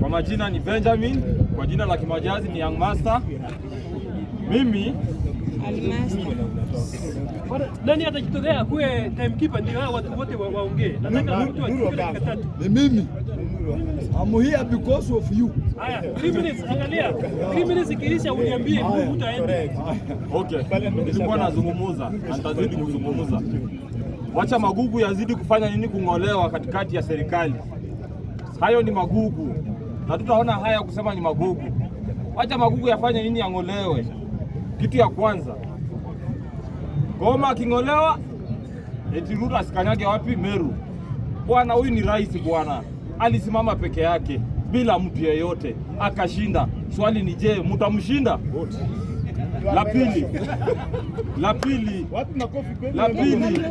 Kwa majina ni Benjamin, kwa jina la kimajazi ni Young Master. Mimi Ni mimi. I'm here because of you. Nilikuwa nazungumuza, nitazidi kuzungumuza. Wacha magugu yazidi kufanya nini kung'olewa katikati ya serikali hayo ni magugu, na tutaona haya kusema ni magugu. Wacha magugu yafanye nini? Yang'olewe. Kitu ya kwanza, Goma aking'olewa eti Ruto asikanyage wapi? Meru. Bwana huyu ni rais bwana, alisimama peke yake bila mtu yeyote akashinda. Swali ni je, mtamshinda? La pili, la pili, la pili,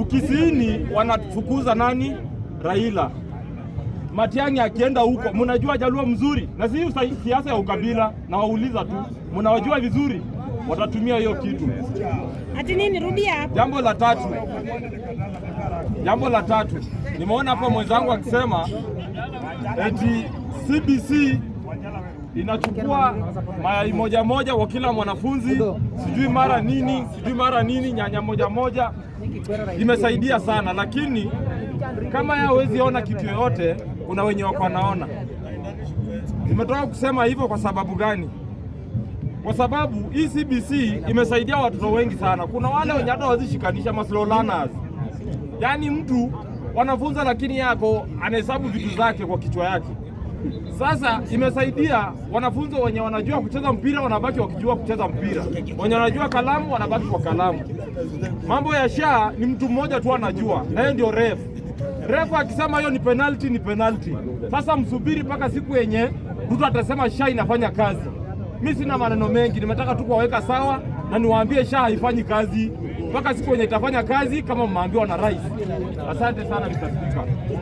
ukisini wanafukuza nani? Raila. Matiang'i akienda huko, mnajua Jaluo mzuri, na si siasa ya ukabila, na wauliza tu, mnawajua vizuri, watatumia hiyo kitu. Ati nini? Rudia hapo. Jambo la tatu, jambo la tatu, nimeona hapa mwenzangu akisema eti CBC inachukua mayai moja moja kwa kila mwanafunzi, sijui mara nini, sijui mara nini, nyanya moja moja. Imesaidia sana lakini kama ya huwezi ona kitu yoyote, kuna wenye wako wanaona. Nimetoka kusema hivyo kwa sababu gani? Kwa sababu hii e CBC imesaidia watoto wengi sana. Kuna wale wenye hata wazishikanisha slow learners, yaani mtu wanafunza lakini yako anahesabu vitu zake kwa kichwa yake. Sasa imesaidia wanafunzi wenye wanajua kucheza mpira wanabaki wakijua kucheza mpira, wenye wanajua kalamu wanabaki kwa kalamu. Mambo ya shaa ni mtu mmoja tu anajua, naye ndio refu refu akisema hiyo ni penalti, ni penalti. Sasa msubiri mpaka siku yenye mtu atasema sha inafanya kazi. Mi sina maneno mengi, nimetaka tu kuwaweka sawa na niwaambie sha haifanyi kazi mpaka siku yenye itafanya kazi kama mmeambiwa na rais. Asante sana Mr. Speaker.